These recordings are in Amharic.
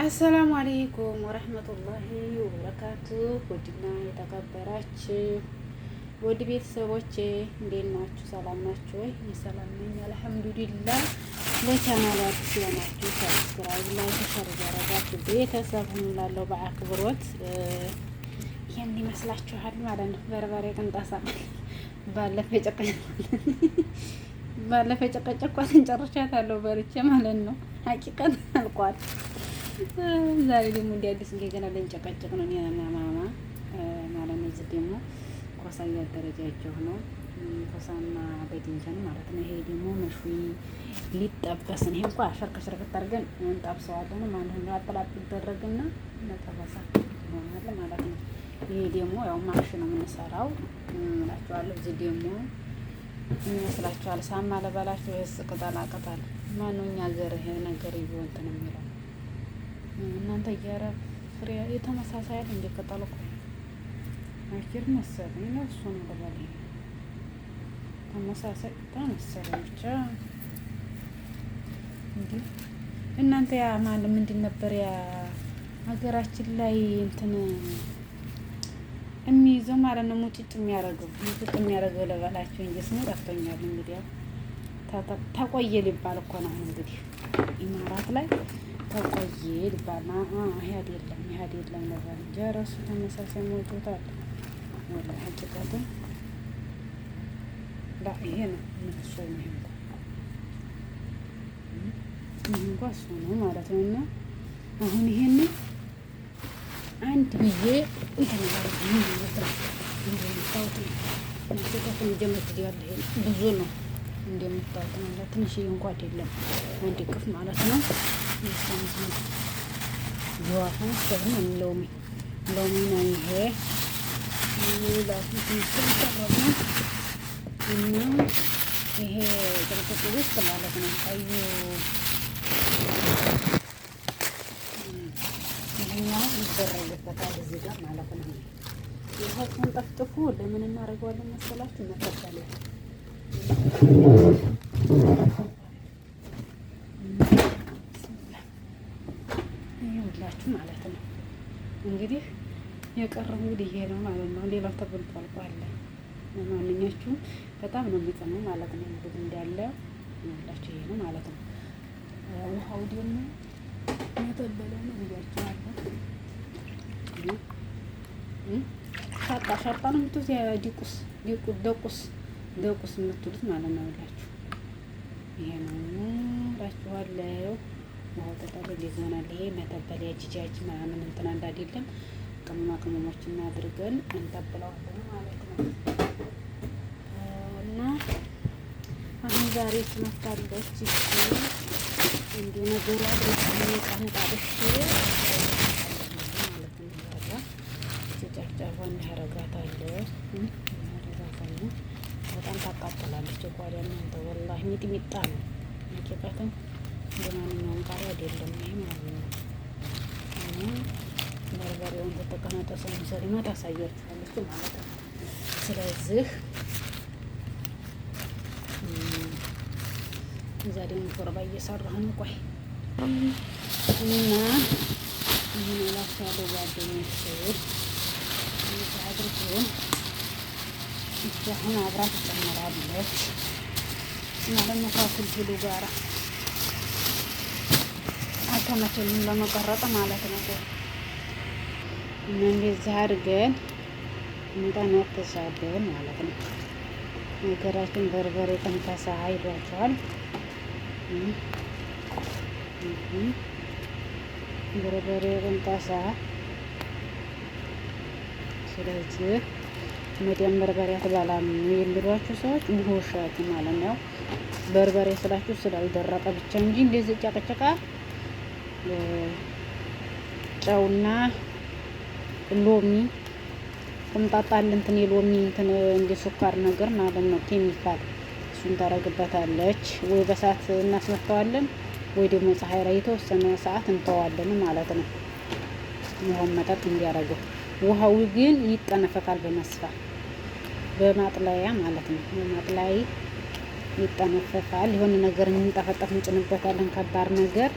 አሰላሙ አሌይኩም ወረህመቱላሂ ወበረካቱ። ውድና የተከበራችሁ ውድ ቤተሰቦቼ እንዴት ናችሁ? ሰላም ናችሁ ወይ? ሰላም ነኝ አልሐምዱሊላህ። ለቻናሉ አዲስ የሆናችሁ ሰብስክራይብ፣ ላይክ፣ ሸር እያደረጋችሁ ቤተሰብ ሁኑ እላለሁ በአክብሮት። ይህን ይመስላችኋል ማለት ነው። በርበሬ ቅንጠሳ ባለፈ ባለፈ ጨቀጨኳትን ጨርሻታለሁ በርቼ ማለት ነው። ሀቂቀት አልቋል። ዛሬ ደግሞ እንደ አዲስ እንደገና ልንጨቀጭቅ ነው እኔና ማማ ማለት ነው። እዚህ ደግሞ ኮሳ እያደረጃቸው ነው። ኮሳና በድንጃን ማለት ነው። ይሄ ደግሞ መሹ ሊጠበስ ይሄ እንኳ ሸርክ ሽርክት አድርገን እንጠብሰዋለን። ማንህ አጠላጥ ይደረግና መጠበሳ ይሆናል ማለት ነው። ይሄ ደግሞ ያው ማሽ ነው የምንሰራው እላችኋለሁ። እዚህ ደግሞ ይመስላችኋል ሳማ ለበላችሁ ይህስ ቅጠላ ቅጠል ማንኛ ገር ይሄ ነገር ይዞ እንትን የሚለው እናንተ እያረ ፍሬ የተመሳሳይ አይደል እንደቀጠለ እኮ አኪር መሰለኝ ነው እሱ ነው ለበለ ተመሳሳይ ተመሰለኝ ብቻ እንዴ እናንተ ያ ማለት ምንድን ነበር ያ ሀገራችን ላይ እንትን የሚይዘው ማለት ነው ሙጭጭ የሚያደርገው ሙጭጭ የሚያደርገው ለበላቸው እንጂ ስሙ ጠፍቶኛል። እንግዲህ ያው ተቆየ ሊባል እኮ ነው እንግዲህ ኢማራት ላይ ተቆየ ይባልና ይህ አይደለም ይህ አይደለም ነበር እንጂ እራሱ ተመሳሳይ ሞልቶታል። ወደ ሀቂቃቱ ላ ይሄ ነው ምንሶ ይሄ እንኳ ይህ እንኳ እሱ ነው ማለት ነው። እና አሁን ይሄን አንድ ብዬ እንተነባሪ ይህ ማለት ነው እንደሚታወቅ ነው። ሴቶችን ብዙ ነው እንደምታወጥ ማለት ትንሽዬ እንኳ አይደለም፣ አንድ ቅፍ ማለት ነው። ጀዋፋ ደግሞ ሎሚ ሎሚ ነው ይሄ ላሱ ትንሽ ጠረብ ነው እና ይሄ ቅርቅጭ ውስጥ ማለት ነው ቀዩ ይህኛው ይደረግበታል እዚህ ጋር ማለት ነው። ይኸው ጠፍጥፎ ለምን እናደርገዋለን መሰላችሁ? መከፈል ይኸውላችሁ ማለት ነው እንግዲህ የቀረው እንግዲህ ይሄ ነው ማለት ነው። ሌላው ተበልቶ አልቋል። ማንኛችሁም በጣም ነው የሚጠመው ማለት ነው። እንግዲህ እንዳለ ይኸውላችሁ ይሄ ነው ማለት ነው። ውሃው ደግሞ የተበለ ነው ብያችኋለሁ። ሻጣ ሻጣ ነው የምትወስድ ዲቁስ ዲቁስ ደቁስ የምትሉት ማለት ነው። ሁላችሁ ይሄ ነው እላችኋለሁ። ማውጣታለ ሊሆናል። ይሄ መተበለያ ጅጃጅ ምናምን እንትን አንድ አይደለም። ቅመማ ቅመሞችን አድርገን እንጠብለዋለን ማለት ነው እና አሁን ዛሬ ትመጣለች እንዲሁ ነገሩ አድርጌ ቀነጣጥሼ ታዲያ እናንተ ወላሂ ሚጥሚጣ ነው። ነቂቀትም እንደማንኛውም ቃሪ አይደለም። ይሄ ማለት ነው። በርበሬውን ተጠቀመጠ ሰሚሰሪ ነው ታሳያችኋለች ማለት ነው። ስለዚህ እዛ ደግሞ ሾርባ እየሰራህን ቆይ እና ይህን ላፍ ያለው ጓደኞች ስል አድርጎን አሁን አብራ ትጨምራለች ማለት ነው። ከፍልፍሉ ጋራ አልተመቸልም ለመቆረጥ ማለት ነው። እንደዚህ አድርገን እንጠነጥሳለን ማለት ነው። ነገራችን በርበሬ ጠንከሳ አይሏቸዋል። በርበሬ ጠንከሳ ስለዚህ መደም በርበሬ አትበላም የሚሏችሁ ሰዎች ውሸት ማለት ነው። በርበሬ ስላችሁ ስላልደረቀ ብቻ እንጂ እንደዚህ ጨቅጨቃ ጨውና ሎሚ ቁምጣጣል እንትን የሎሚ እንትን እንደ ሱካር ነገር ማለት ነው፣ ኬሚካል እሱን ታረግበታለች። ወይ በሰዓት እናስመታዋለን፣ ወይ ደግሞ ፀሐይ ላይ የተወሰነ ሰዓት እንተዋለን ማለት ነው። ይኸውም መጠጥ እንዲያደርገው ውሃው ግን ይጠነፈካል በመስፋ በማጥለያ ማለት ነው በማጥለያ ይጠነፈፋል። የሆነ ነገር እንጠፈጠፍ እንጭንበታለን፣ ከባድ ነገር።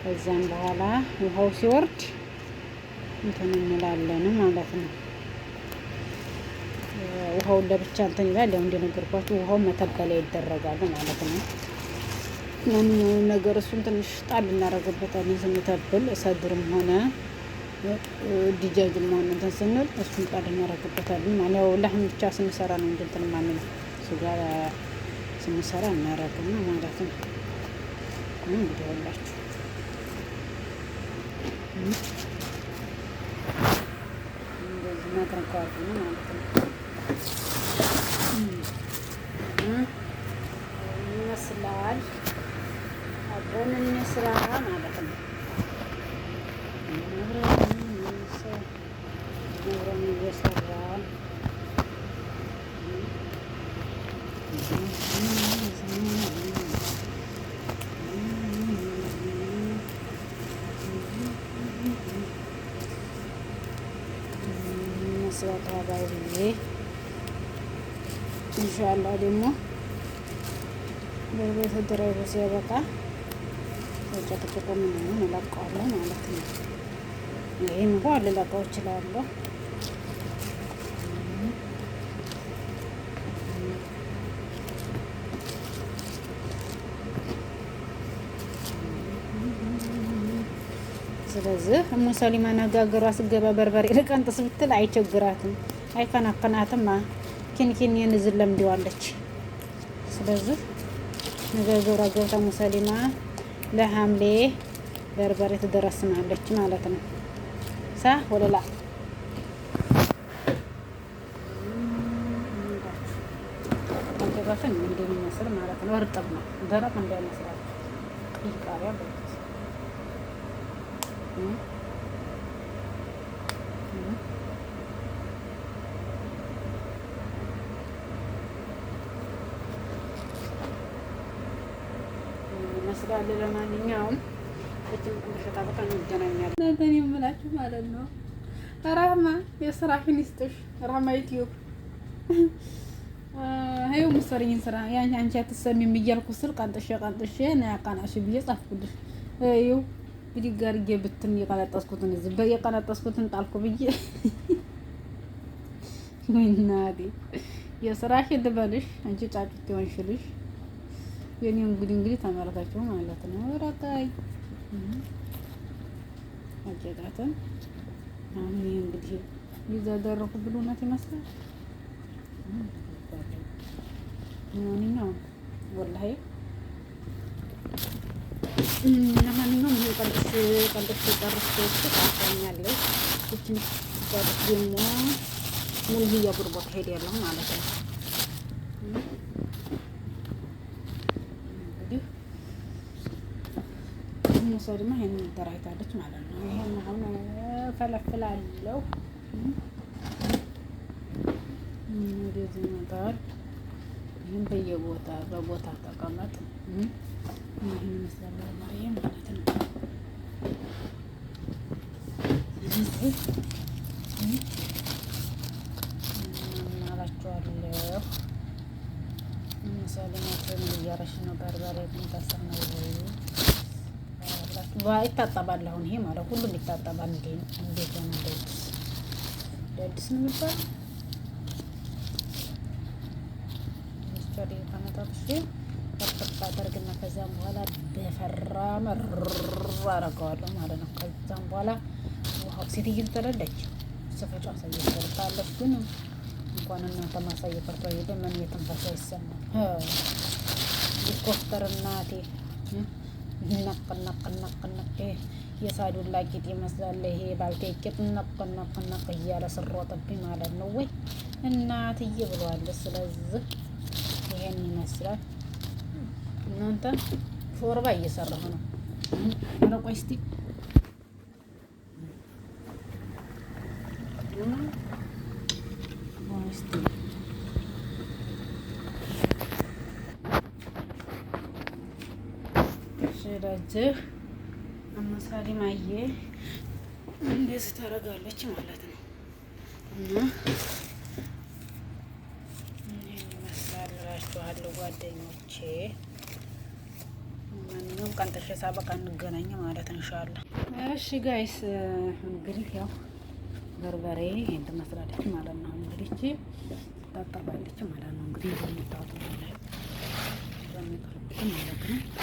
ከዛም በኋላ ውሃው ሲወርድ እንትን እንላለን ማለት ነው። ውሃውን ለብቻ እንትን ይላል። ያው እንደነገርኳችሁ ውሃው መተበለያ ይደረጋል ማለት ነው። ማንኛውም ነገር እሱን ትንሽ ጣል እናደርግበታለን ስንተብል፣ ሰድርም ሆነ ዲጃጅም ሆነ እንትን ስንል እሱን ጣል እናደርግበታለን። ያው ላህም ብቻ ስንሰራ ነው እንጂ እንትን ማንኛው ስጋ ስንሰራ እናረግና ማለት ነው። እንግዲህ ሁላችሁ እንደዚህ ማድረግ ማለት ነው። መስራታባይ ብዬ እንሻላ ደግሞ በቤት ድረሱ ሲያበቃ ተጨቅጭቆ ምናምን እለቀዋለሁ ማለት ነው። ይህን እንኳ ልለቀው እችላለሁ። ስለዚህ ሙሰሊማ ሰሊማ አነጋገሯ ስገባ በርበሬ ልቀንጥስ ብትል አይቸግራትም፣ አይፈናፈናትም። ኪንኪን የንዝን ለምደዋለች። ስለዚህ ንግግሯ ገብታ ሙሰሊማ ሰሊማ ለሐምሌ በርበሬ ትደረስናለች ማለት ነው። ሳ ወለላ እንደሚመስል ማለት ነው። እርጥብ ነው፣ ደረቅ እንዳይመስላል ይቃሪያ ይመስላል። ለማንኛውም እጅም ቅንድፈታ እንገናኛለን። የምላችሁ ማለት ነው። ራህማ የስራ ፊኒስጥሽ ራህማ ዩቲዩብ ይኸው የምትሰሪኝን ስራ ያንቺ አንቺ አትሰሚም እያልኩ ስል ቀንጥሼ ቀንጥሼ ነው ያቃናሽ ብዬ ጻፍኩልሽ ይኸው ብድግ አድርጌ ብትን የቀነጠስኩትን እዚህ የቀነጠስኩትን ጣልኩ ብዬ ወይናዴ የስራሽ ልበልሽ አንቺ ጫጩት የሆንሽልሽ የኔ እንግዲህ እንግዲህ ተመልካችሁ ማለት ነው። ረቃይ አጨቃተን አሁን እንግዲህ ይዘደረኩ ብሉነት ይመስላል። ማንኛውም ወላሂ ቀልብስ ቀልብስ ጨርሼ ትጣፈኛለሁ። እችን ጨርስ ደግሞ ምን ብያ ጉርቦት ሄድ ያለው ማለት ነው። እንግዲህ እነሰው ድማ ተራይታለች ማለት ነው። ይህን አሁን ፈለፍላለሁ። እንደዚህ ይመጣል። ይህም በየቦታ በቦታ ተቀመጥ ይህን ይመስላል ማርያም አላችኋለሁ። ምሳሌናቸውን እያረሽ ነው። በርበሬ ሚታሳ ነው ይታጠባል። አሁን ይሄ ማለት ሁሉም ይታጠባል። እንዴት ነው ደድስ ደድስ ነው የሚባለው ሚስቶሪ ከመጣጥሽ ጠጥታ አደርግና ከዛም በኋላ በፈራ መር አደርገዋለሁ ማለት ነው። ከዛም በኋላ ሴትዮ ተለለች ስፈጫ ሳየተወጣለች። ግን እንኳን እናንተ ማሳየ ፈርቶ ሄደ ምን የተንፈሰ ይሰማል። ሊኮፍተር እናቴ ነቅ ነቅ ነቅ ነቅ የሳዱላ ጌጥ ይመስላል። ይሄ ባልቴ ቂጥ ነቅ ነቅ ነቅ እያለ ስሮጥብኝ ማለት ነው ወይ እናትዬ ብሏል። ስለዚህ ይሄን ይመስላል። እናንተ ሾርባ እየሰራሁ ነው። ቆይ እስኪ እየተዘጋጀ አመሳሊ ማየ እንደዚህ ታደርጋለች ማለት ነው እና ይህን ይመስላል እላችኋለሁ ጓደኞቼ። ማንኛውም ቀን ጥሼ ሳበቃ እንገናኝ ማለት እንሻላ። እሺ ጋይስ እንግዲህ ያው በርበሬ ይህን ትመስላለች ማለት ነው። እንግዲህ ታጠባለች ማለት ነው። እንግዲህ እንደምታወጡ ማለት ነው።